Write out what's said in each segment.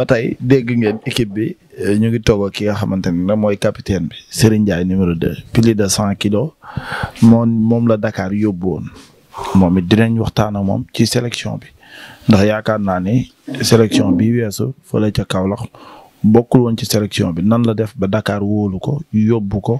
ba tey dégg ngeen équipe bi euh, ñu ngi toog ki nga xamante ne mooy capitaine bi Serigne Ndiaye numéro 2 plus de cent kilo moom moom la dakaar yóbbu woon moom it dinañ waxtaan ak moom ci sélection bi ndax yaakaar naa ne sélection bi weesu fële ca Kaolack bokkul woon ci sélection bi nan la def ba dakaar wóolu ko yóbbu ko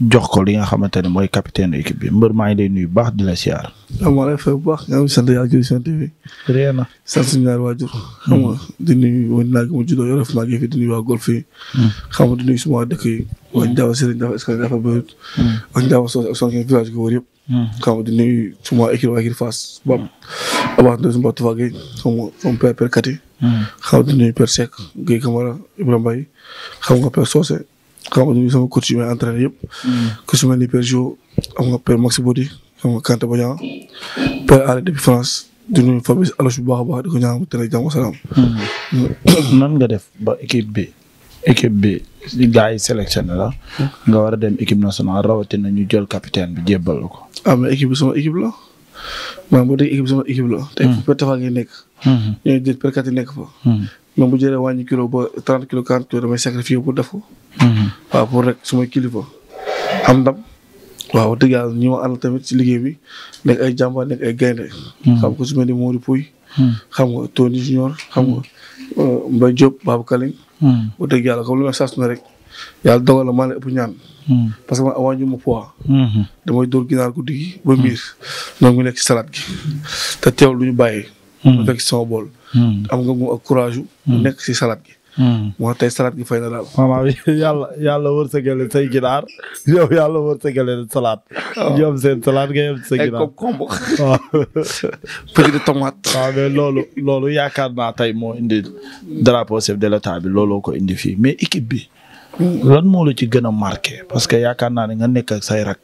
jox ko li nga xamante ne mooy capitaine équipe bi mbër maa ngi lay baax di la siyaar. amaa lay fay bu baax nga am sant yàlla jërëjëf sant bi. réer na sant suñu waajur. xam nga di nuyu waa naag ma juddoo yore maa ngi fi di nuyu hmm. suma dëkk yi. Hmm. waa Ndiaw Serigne dafa escale dafa bëri. waa Ndiaw Sow ak Sonkin village ko wër yëpp. Tufa hmm. Gueye xam nga moom père nga di nuyu xam nga sama yëpp. ku si mel ni Père Jo am nga Père Maxi Bodi am nga Kanté Bodian Père Allé depuis France di nuyu Fabrice Aloche bu baax a baax di ko ñaan mu tere hmm. nga def ba équipe bi équipe bi gars yi sélectionné la nga war a dem équipe nationale rawatina ñu jol capitaine bi jébbal ko. ah mais équipe bi équipe la maanaam boo déggee équipe bi équipe la. Hmm. tey per Tafa ngay nekk. Hmm. ñooy déet per Kati nekk fa. même bu jëlee wàññi kilo ba trente kilo quarante kilo damay sacrifier pour def ko. Mhm. waaw pour rek sumay kilifa am ndam. waaw dëgg yàlla ñi ma ànd tamit ci liggéey bi nekk ay jàmbaar nekk ay gaynde mhm. xam nga su mel ni Mody Pouy mhm. xam nga Tony Junior xam nga euh, Mbaye Diop Kaling bu dëgg yàlla na rek yàlla dogal a maa leen ëpp ñaan parce que man awàññu ma poids damay dóor ginaar guddi ba miir noonu nekk ci salade gi teew lu ñu Mm. mu fekk si sama bool. Mm. am nga mu ak courage. mu mm. nekk si salade gi. moo tax tey salade gi fay na daal. maman bi yàlla yàlla wërsëgale say ginaar yow yàlla wërsëgale salade. waaw oh. yom seen salade nga yom sa ginaar ay koom-koom. waaw. petit de tomate. loolu loolu naa tey moo indi drapeau chef de l'état bi looloo ko indi fii mais bi. lan moo la ci gën a marqué parce que yaakaar naa ne nga nekk ak say rak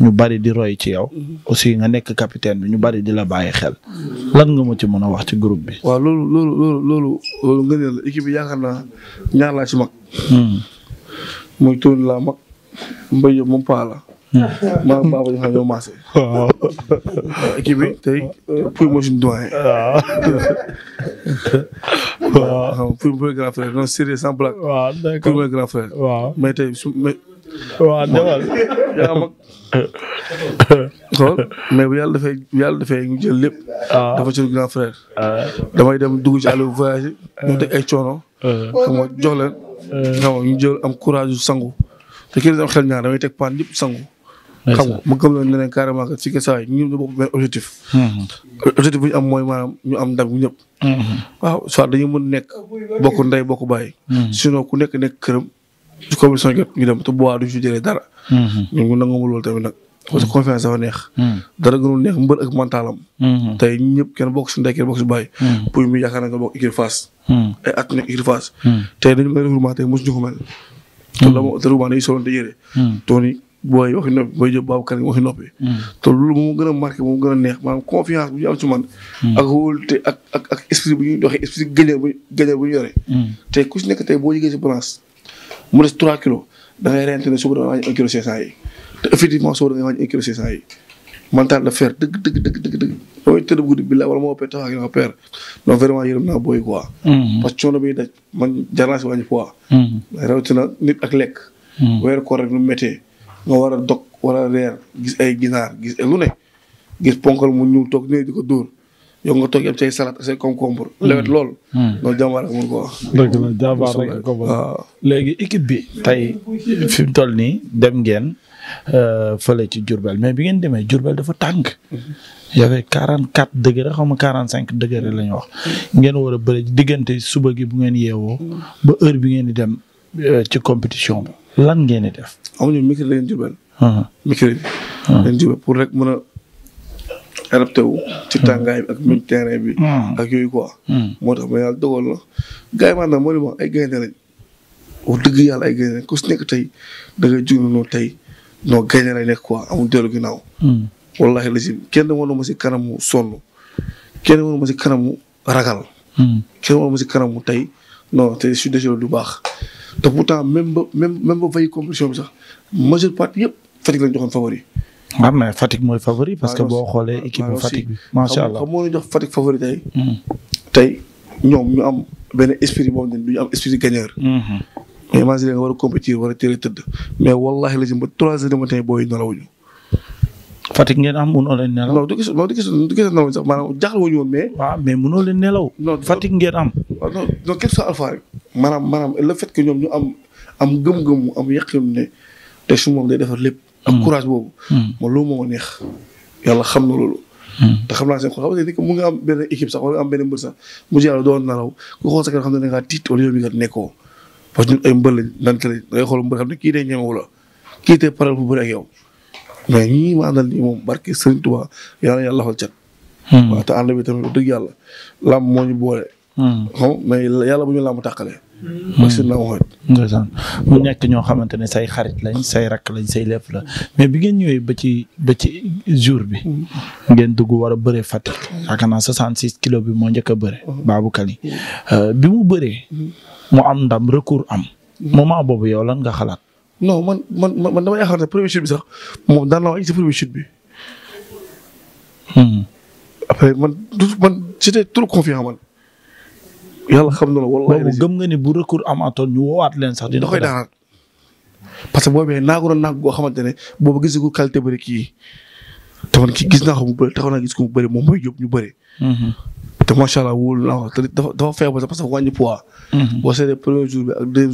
ñu bari di roy ci yow. aussi nga nekk capitaine bi ñu bari di la bàyyi xel. lan nga ma ci mën a wax ci groupe bi. waaw loolu loolu loolu loolu loolu nga ne la équipe bi yaakaar naa ñaar mag. Hmm. muy Touré laa mag Mbaye moom la. maa hmm. maa ko jox ñoom Massé. waaw équipe bi tey promotion doyen. waaw waaw pour mooy grand frère non sérieux sans blague. waaw mooy grand frère. mais tey su mais. yaa mag mais bu yàlla dafay bu yàlla dafay ñu ah. dafa ci grand frère. Ah. damay dem dugg ci àll bu voyagé. Ah. teg ay coono. xam nga jox leen. ñu jël am courage sangu te kii dañoo xel ñaar damay teg paan yëpp sangu. xam nga mu gëm leen ne leen carrément que si que saa yi ñun ñu bokk benn objectif. Hmm. objectif bu ñu am mooy maanaam ñu am ndam ñëpp. Hmm. waaw soit dañu mën nekk bokk ndey bokk bàyyi. Hmm. sinon ku nekk nekk këram su commission jot ñu dem te bu waa du ñu jëlee dara. ñun ñu nangamul loolu tamit nag. parce que confiance dafa neex. dara gënul neex mbër ak mentalam. tey ñëpp kenn bokk si ndey kenn bokk si bàyyi. pour mu yaakaar naa nga bokk écurie Fass. ay at nekk écurie Fass. tey dañu mën a regroupement tey mosuñu ko mel. te dama te regroupement dañuy solonte yére. tooni booy waxi noppi booy jóg Babacar waxi noppi. Hmm. te loolu moom gën a marqué moom gën a neex maanaam confiance bu ñu am ci man. Hmm. ak bu ñu yore. Hmm. tey ku si nekk tey boo jógee si balance mu des 3 kilos da ngay ne suba da nga wàññi 1 kilo 500 yi te effectivement da ngay dëgg dëgg dëgg dëgg dëgg ba muy tëdd guddi bi la wala moo pee taxaw ak nga père donc vraiment naa booy quoi. parce que daj man jar naa si wàññi poids. weer koor rek nu méttee nga war a dog war a reer gis ay ginaar gis lu ne gis ponkal mu ñuul toog nii di ko dóor yow nga toog yëpp say salade say concombre. Hmm. lewet lool. Hmm. loolu jàmbaar a mën ko wax. Ah. léegi équipe bi tey fi mu toll nii dem ngeen euh, fële ci Diourbel mais bi ngeen demee Diourbel dafa tàng. y avait 44 degré xaw ma 45 degré la ñu wax. ngeen war a bëri diggante suba gi bu ngeen yeewoo. ba heure bi ngeen di dem euh, ci compétition lan ngeen di def. amuñu micro la leen jubal. micro bi. leen rek mën a adapté wu. ci tàngaay bi ak terrain bi. ak yooyu quoi. moo tax ma yàlla na gars yi maanaam ay gaynde lañ. wax dëgg yàlla ay gaynde lañ ku si nekk tey da ngay jug noonu tey noo gaynde lay nekk quoi amul dellu ginnaaw. Hmm. wallahi la si kenn wanu ma si kanamu sonn kenn wanu ma si kanamu ragal. Hmm. kenn wanu kanamu tey. non te je suis désolé du baax te pourtant même ba même même ba fay compétition bi sax majeure partie yëpp Fatick lañ joxoon favori. am ah, na Fatick mooy favori. parce que boo xoolee équipe bu Fatick bi. macha allah xam moo jox Fatick favori tey. Hmm. tey ñoom ñu am benn esprit boo xam ne duñu am esprit gagneur. Hmm. mais imagine nga war a compétir war a teel a tëdd. mais wallaahi la si ba trois heures du matin booy nelawuñu Fatick ngeen am mënoo leen nelaw. non du gis non du gis du gis nelaw sax maanaam leen nelaw. non Fatick ngeen am. waaw non non quelque soit alpha rek. maanaam maanaam le fait ñoom ñu am am gëm-gëm am yàqin ne te su moom day defar lépp. ak hmm. courage boobu. moom loolu neex. yàlla xam na loolu. Hmm. te xam naa seen xol xam nga mu nga am benn équipe sax wala am benn mbër sax mu jàll doon nalaw ku xool sax xam ne da ngaa tiit wala yow mi nga nekkoo parce que ñun ay mbër lañ naan kër da ngay xool mbër xam ne kii day ñemewu la kii tey pare bu bëri ak yow mais ñii ma àndal nii moom barke Sëriñ Tuubaa yàlla yàlla lafal cat. Hmm. waaw te ànd bi tamit dëgg yàlla làmb moo ñu boole. Hmm. xam mais yàlla bu ñu làmb tàqalee. machine na waxoon. ndeysaan mu nekk ñoo xamante ne say xarit lañ say rakk lañ say lépp la mais bi ngeen ñëwee ba ci ba ci jour bi. Hmm. ngeen dugg war a bëree Fatick. yaakaar naa 66 kilos bi moo njëkk a bëre. Babou Kaly euh, bi mu bëree. mu am ndam recours am. moment boobu yow lan nga xalaat. non man man man dama yaakaar ne premier chute bi sax moom daan naa wàññi si premier chute bi. Hmm. après man man j'étais trop confiant man. yàlla xam na la wallaahi. boobu gëm nga ni bu recours amatoon ñu woowaat leen sax. dina ko daanaat parce que boo bee naagu doon naag boo xamante ne boobu gis qualité bëri kii. te man ki gis naa ko mu bëri taxaw naa gis ko mu bëri moom mooy yóbbu ñu bëri. Hmm, hmm. te macha allah wóolu dafa dafa feebar sax parce que wàññi poids. Mhm. boo seetlee premier jour bi ak deuxième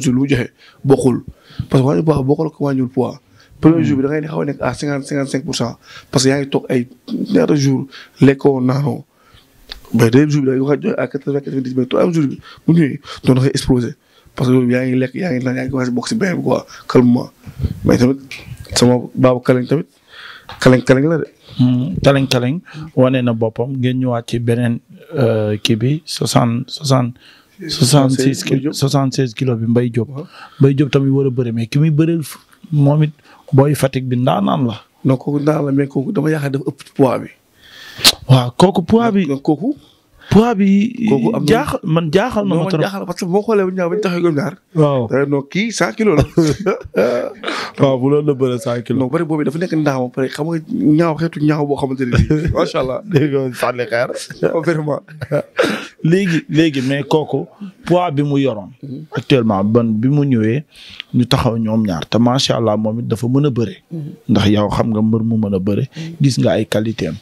jour lu joxe bokkul parce que wàññi poids bokkul ak wàññiwul poids. premier mhm. jour bi da ngay xaw nekk à cinquante cinquante cinq pour cent parce que yaa ngi toog ay ñaata jours mais deuxième jour bi da nga joxe à quatre noonu da ngay parce que yaa ngi lekk yaa ngi naan yaa ngi commencé bokk si benn bi quoi calmement mais tamit sama baabu kalañ tamit. kalañ hmm, kalañ wane na boppam ngeen ñëwaat ci beneen euh, kii bi soixante soixante. soixante seize kilo bi mbay Diop. Mbaye Diop tamit war a bëri mais ki muy moom it booy Fatick bi ndaanaan la. non kooku ndaanaan la mais kooku dama yaakaar dafa ëpp poids bi. waaw kooku poids bi kooku. poids bi. kooku am jaaxal man jaaxal na ma trop. parce que boo xoolee ñaar bañ ñaar. waaw eh, kii cent kilo la. waaw ah, bu loolu la bëre cent kilos. non bëri boobu dafa nekk ndax pare xam nga ñaaw xeetu ñaaw boo xamante ne bii macha allah. dégg nga sànni xeer vraiment. léegi léegi mais kooku poids bi mu yoroon. Mhm. actuellement ban bi mu ñëwee ñu taxaw ñoom ñaar te macha allah moom it dafa mën a bëre. Mhm. ndax yow xam nga mbër mu mën a bëre. Mhm. gis nga ay qualité am.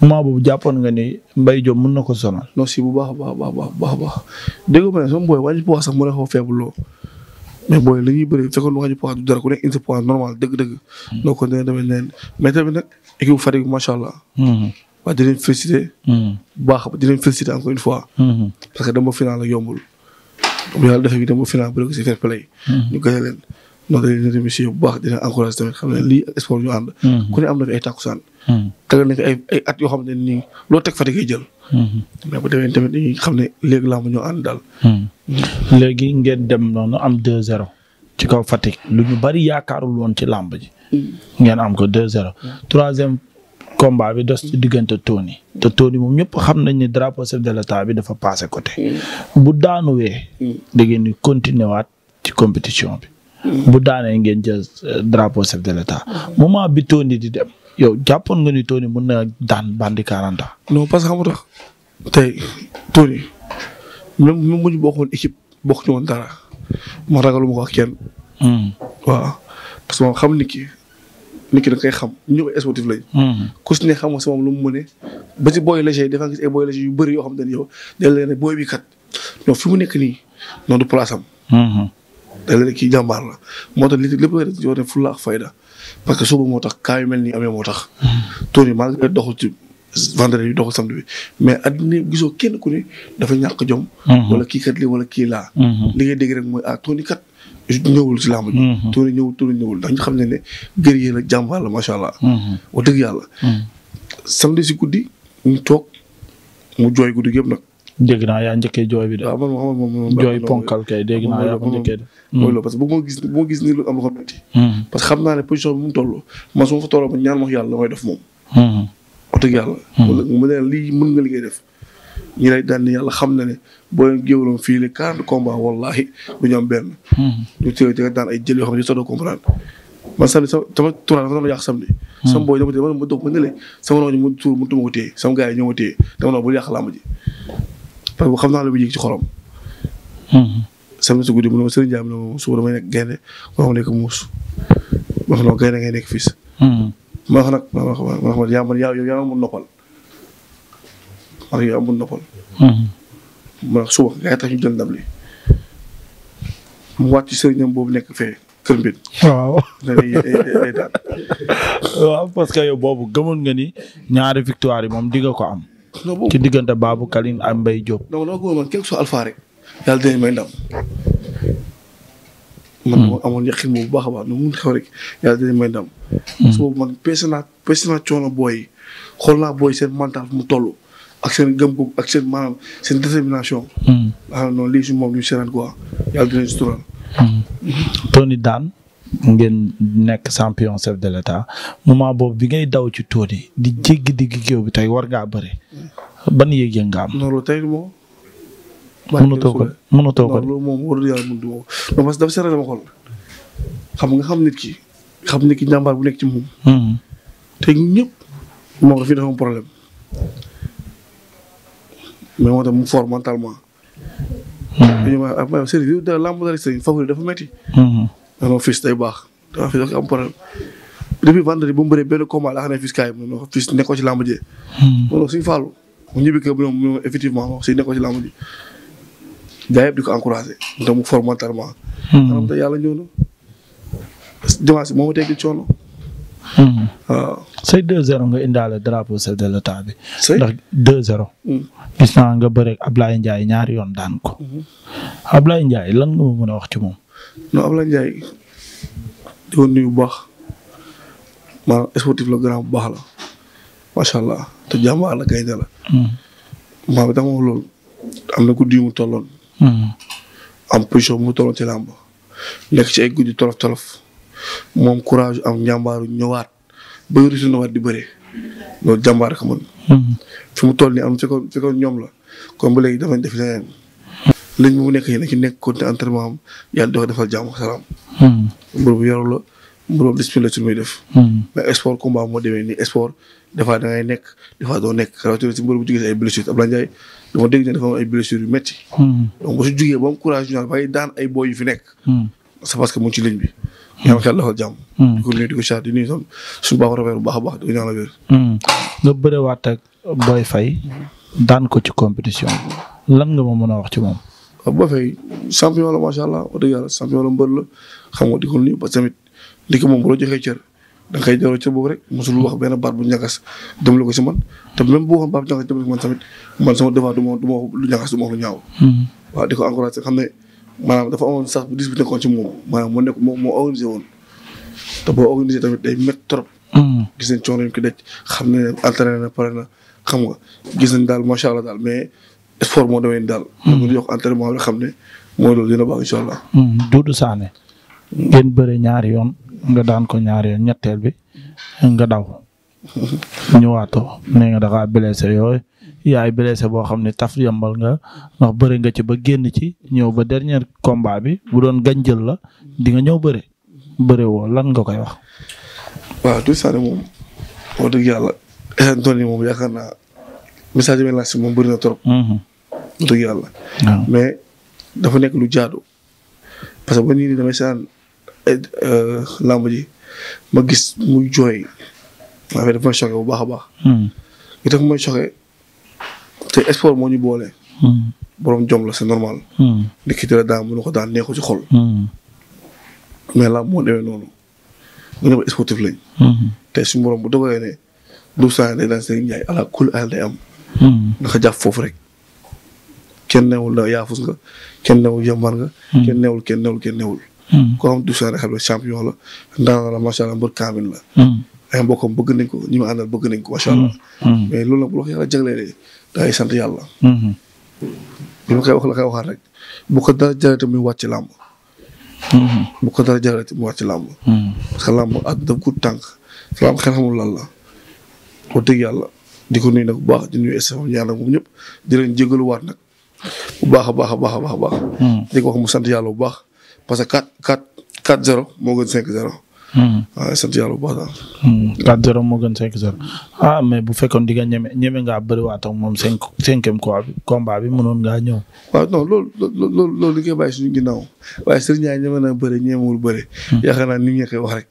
moment boobu jàppoon nga ni Mbaye Diop mën na ko sonal. non si bu baax a baax a baax a baax a baax dégg nga man sama booy wàññi poids sax mu ne ko faible loo mais booy li ñuy bëri fekkoon lu wàññi poids du dara ku nekk indi poids normal dëgg-dëgg. Hmm. donc kon dina demee neen mais tamit nag équipe Fatick macha allah. Hmm. waaw di leen féliciter. Hmm. baax di leen féliciter encore une fois. parce que dama final ak yombul. bu yàlla defee dama final bëri si fair play. ñu gën a noonu dañu leen remercier bu baax dina encouragé tamit xam ne lii ak ñu ànd. ku ne am na fi ay takkusaan tegal nañ ko ay ay at yoo xam ne nii loo teg Fatick ay jël. Mm-hmm. mais bu demee tamit dañuy xam ne léegi laa ma ñoo ànd daal. Mm-hmm. léegi ngeen dem noonu am 2-0 ci kaw Fatick lu ñu bari yaakaarul loon ci làmb ji. Mm-hmm. ngeen am ko 2-0 troisième combat bi dos ci diggante Tony te Tony moom ñëpp xam nañ ne drapeau chef de bi dafa passé côté. bu daanuwee. da ngeen di continuer waat ci compétition bi. bu daanee ngeen jël euh, drapeau chef de l'État moment bi Tony di dem. yow jàppoon nga ni Tony mën na daan bandi 40 ans. non parce que xam nga tax tey Tony même même bu ñu bokkoon équipe bokk ci woon dara ma ragaluma ko ak kenn. Hmm. waaw parce que xam nit ki nit ki xam ñu ay sportif lañ. Hmm. ku si ne xam si moom lu mu mëne ba ci booy léger yi dafa gis yu bëri yoo xam ne yo dañ leen ne booy bi kat ñoom fi mu nekk nii noonu du place da nga ne jàmbaar la moo tax li lépp lay def yoo def fulla ak fayda parce que suba moo tax kaa yu mel nii amee moo tax. tool yi malgré doxul ci vendredi bi doxul samedi bi mais gisoo kenn ku ne dafa ñàkk jom. Mhm. wala kii kat kii laa. Mhm. li rek mooy ah tool yi kat. ñëwul si làmb ji. Mhm. tool yi ñëwul tool yi ñëwul ndax ñu xam ne ne guerrier la jàmbaar la macha allah. o dëgg yàlla. samedi si guddi ñu toog mu jooy guddi yëpp nag. dégg naa yaa njëkkee jooy bi de. waaw man man man jooy ponkal kay dégg naa yaa ko njëkkee de. mooy hmm. loolu ma gis ma gis nii lu am lu ko metti. Hmm. parce que xam mu toll yàlla damay hmm. mu ne li ngay def. ñu lay daan yàlla xam na ne boo leen fii le quarante combat wallaahi du ñu am benn. ñu tëjee da nga daan ay jël yoo xam ne a comprendre. man samedi sama sama tuuraan dafa doon yàq samedi. sama booy mu tuur mu tuma sama gars yi ñoo ma téye dama noonu bul yàq làmb ji parce que xam naa la bu jëkk ci xolam. sam na si ma sëriñ Jaam ne ma suba damay nekk gaynde ma wax nekk muus ma wax noonu gaynde ngay nekk fils. ma wax nag ma wax ma noppal. wax yow amul suba gaa yi tax ñu jël ndam li mu wàcc sëriñam boobu nekk fee kër mbir. waaw parce que yow boobu gëmoon nga ni ñaari victoire yi moom di ko am. ci diggante Babou Kaline ak Mbaye Diop. donc dama ko man quelque soit alpha rek yàlla may ndam. man moo hmm. amoon yaqin bu baax a baax nu mu xew rek yàlla dinañ may ndam. su hmm. man peese naa coono booy yi xool naa booy seen mental mu toll ak seen gëm ko ak seen maanaam seen détermination. Hmm. ah non lii moom du ñu seetaan quoi yàlla dinañ si tural. ngeen nekk champion chef de l'état moment boobu bi ngay daw ci tool di jéggi digg géew bi tey war ngaa bëri ban yëg-yëg nga am. loolu tey moom. mënatoo a mënatoo ko loolu moom war na yàlla mënut moom non parce que dafa seere dama xam nga xam nit ki xam nit ki njàmbaar bu nekk ci moom. Hmm. te ñëpp moom daf ñu defoon problème mais moo tax mu fort mentalement. dañu hmm. non fils day baax dafa fils am problème depuis vendredi bu mu bëree benn combat la xam ne fils kaay mu ne fils nekkoo ci làmb jee. Hmm. faalu mu ñibbi bu ne effectivement si nekkoo ci làmb ji gars yëpp di ko encouragé te mu fort mentalement. Hmm. maanaam te yàlla ñëw na coono. Hmm. say 2-0 nga indaale drapeau chef de l'état bi. ndax 2-0. gis naa nga bëre Ablaye Ndiaye ñaari yoon daan ko. Ablaye Ndiaye lan nga ma mën wax moom. non Ablaye Ndiaye di ko nuyu bu baax maanaam sportif la grand bu baax la macha allah te jàmbaar la gaynde la. Hmm. maa bi dama wax loolu am na guddi yu mu tolloon. Hmm. am position mu tolloon ci làmb nekk ci ay guddi tolof tolof moom courage am njàmbaaru ñëwaat ba rusu na waat di bëre loolu jàmbaar ko mën. Hmm. fi mu toll nii am fi ñoom la kon ba léegi damañ def leneen. liñ mu nekk ci nekk konti entraînement am yàlla hmm. la mbir bu discipline la ci muy def. Hmm. moo demee nii sport des da nekk des fois nekk rawatina ci mbir bu jugee ay blessures Abdoulaye yu métti. Hmm. donc bu su jugee ba yu fi nekk. parce que mu ci ligne bi. ñaanal xel dafa jàmm. a ko ci compétition lan nga ma mën a wax ci moom. Boy Faye champion la macha allah wax dëgg yàlla champion la mbër la xam nga di ko nuyu parce que tamit li ko moom bu la joxee cër da nga koy jaroo cër boobu rek mosul wax benn baat bu ñagas dem la ko si man te même bu waxoon baat bu ñagas dem la ko man tamit man sama devoir du ma du ma wax lu ñagas du ma wax lu ñaaw. Hmm. waaw di ko encouragé moo nekk woon te boo organisé tamit day métti trop. Hmm. gis nañ coono yi ñu xam ne entraîné na pare na xam daal macha allah daal sport moo demee daal. Hmm. da yokk entraînement bi xam ne mooy loolu dina baax incha allah. Hmm. Doudou Sané. Hmm. ngeen bëre ñaari yoon nga daan ko ñaari yoon ñetteel bi nga daw. ñëwaatoo nee nga da ngaa yooyu yaay blessé boo xam ne taf yambal nga ndax bëri nga ci ba génn ci ñëw ba dernier combat bi bu doon ganjël la dinga nga ñëw bëre bëre woo lan nga koy wax. waaw Doudou Sané moom wax dëgg yàlla moom message bi laaj moom bëri trop. dëgg yàlla. mais dafa nekk lu jaadu. parce que ba nii damay saan euh, làmb ji ma gis muy jooy waaye dafa may choqué bu baax a baax. Hmm. li tax te sport moo ñu boole. Hmm. borom jom la c'est normal. Hmm. nit ki dara daan mënu ko daan neexu ci xol. mais làmb moo demee noonu. ñu ne sportif lañ. te suñu borom bu dogalee ne du saa day daan seen njaay ala kul al day am. naka jàpp foofu rek. kenn newul la yaafus nga kenn newul yambar nga. Hmm. kenn newul kenn newul kenn newul. Hmm. koo xam du saa xam ne champion la ndaanaan la macha allah mbër kaamil la. Hmm. ay mbokkam bëgg nañ ko ñi ma àndal bëgg nañ ko macha allah. mais koy wax la koy waxaat rek bu ko dara jarate muy wàcc làmb. bu ko dara jarate muy wàcc làmb. parce làmb at daf ko tànk làmb xel xamul lan la wax dëgg yàlla di ko nuyu nag bu baax di nuyu STF ñaar nag moom ñëpp di leen jégaluwaat nag. bu baax a baax a baax a baax. Hmm. di ko wax mu sant yàlla bu baax parce que 4 4 4 0 moo gën 5 0. Hmm. waaw sant yàlla bu baax daal. 4 hmm, 0 moo gën 5 0 ah mais bu fekkoon di nga ñeme ñeme ngaa bëriwaat ak moom cinq cinquième combat bi mënoon ngaa ñëw. waaw non loolu loolu loolu li koy bàyyi suñu ginnaaw waaye Serigne Ndiaye ñeme na bëri ñemewul bëri. yaakaar naa ni ñu koy wax rek.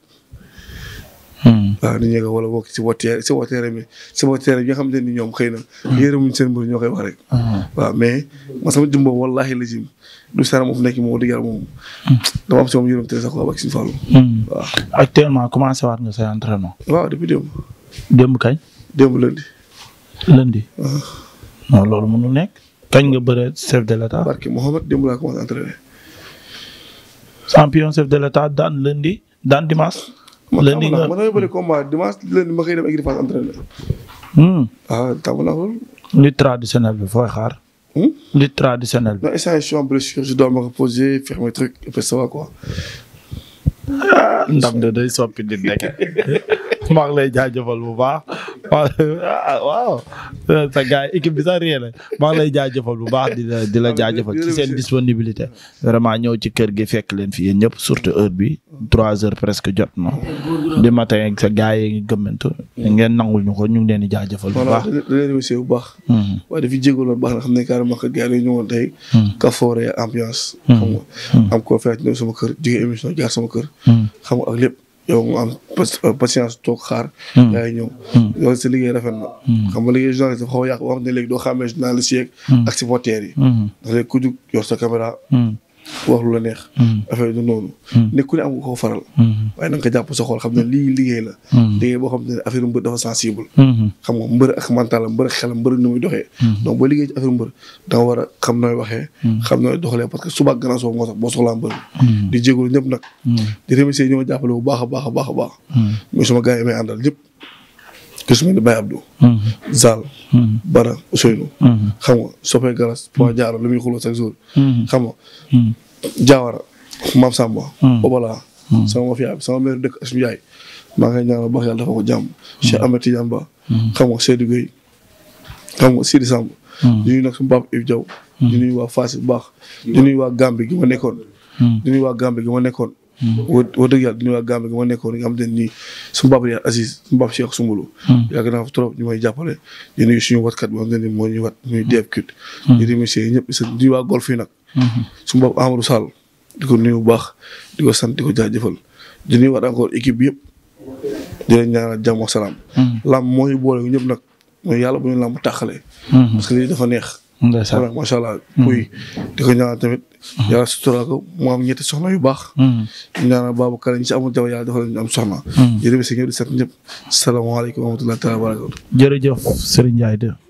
Hmm. waaw dañuy yëngal wala bokk si woteer si woteer bi si woteer bi ni ñoom xëy na. Hmm. yërëmuñ seen mbir ñoo koy hmm. waaw mais man sama jumbo wallaahi la jim du sara moom nekk moom dëgg yàlla moom. moom yërëm commencé waat nga say entraînement. waaw depuis démb. démb kañ. démb lundi. lundi. Ah. non loolu mënul nekk. kañ nga bëre chef de l'état. barke lundi daan dimanche. lundi nga ma damay bëri combat dimanche lundi ma xëy dem écurie Fass entraîné. Hmm. ah bi fooy xaar. Hmm? lutte traditionnelle bi. non instant yii blessure je dois me reposer faire mes trucs et puis ça va ah, ndam de day soppi di nekk maa ngi lay bu baax. waaw waaw sa gars yi équipe bi sax ma la maa ngi lay jaajëfal bu baax di la di la jaajëfal ci seen disponibilité vraiment ñëw ci kër gi fekk leen fi yéen ñëpp surtout heure bi trois heures presque jot na di matin sa gars yi ngi gëmmantu ngeen nangu ñu ko ñu ngi leen di jaajëfal bu baax leen remercier bu baax hmm. waaye dafi na xam ne carrément que ñu woon tey hmm. ka foore ambiance hmm. xam nga am ko fekk ñëw sama kër jóge émission jaar sama kër xam ak lépp yow nga am euh, patience toog xaar. Hmm. yaay ñëw. loolu hmm. sa liggéey rafet na. Hmm. xam liggéey journaliste dafa xaw a wax ne léegi doo xàmmee journaliste yeeg. ak supporters yi. ndax ku jug yor sa caméra. wax lu la neex. Mm. affaire du noonu. Mm. ne ku ne am nga koo faral. Mm. waaye na nga jàpp sa xam ne lii liggéey la. liggéey boo xam ne affaire mbër dafa sensible. xam nga mbër a mentalam mbër ak xelam mbër ni muy doxee. donc boo liggéey ci affaire mbër da nga a xam nooy waxee. xam nooy doxalee parce que suba ak soo ko sax boo soxlaa mbër. di jégalu ñëpp nag. di remercier ñi ma jàppale bu baax a baax a baax a suma gars yi may àndal ñëpp. te su ma nee Baye Abdou. Mm-hmm. Zal. Mm-hmm. Bara Ousseynou. Mm-hmm. xam nga Sopé Galas Poi Diarra lu muy xuloo chaque jour. xam nga. Maam Samba. Obala. sama ma fi sama mère dëkk Assou Ndiaye maa ngi lay ñaanal baax yàlla dafa ko jàmm. Cheikh Ahmed Ba. xam nga Seydou Gueye. Sidi Samb. di nuyu nag suñu papa Yves waa Fass baax. di nuyu waa Gambie gi nekkoon. di nuyu waa Gambie gi ma nekkoon. Mm-hmm. wax dëgg yàlla di nuyuwaat Gambie gi ma nekkoon nga xamante ne nii suñu bàb yaa Aziz suñu bàb Cheikh Sumbulu mm-hmm. yàgg naa fa trop ñu may jàppale di nuyu suñu watkat boo xam ne nii moo ñuy wat sa mm-hmm. di waa golf yi nag suñu bàb Amadou Sall di ko nuyu bu baax di ko sant di ko jaajëfal di nuyu waat encore équipe bi di leen ñaanal jàmm ak salaam làmb moo boole ñëpp nag mooy yàlla bu ñu làmb tàqale parce que lii dafa neex macha allah puy di ko ñaanal tamit yàlla sutural ko mu am ñetti soxna yu baax. Hmm. ñu naan Babacar ñi ci amul jaww yàlla defal ñu am soxna. Hmm. jërëjëf si ñëpp di sant ñëpp. salaamaaleykum wa rahmatulah taala wa barakatu. jërëjëf Serigne Ndiaye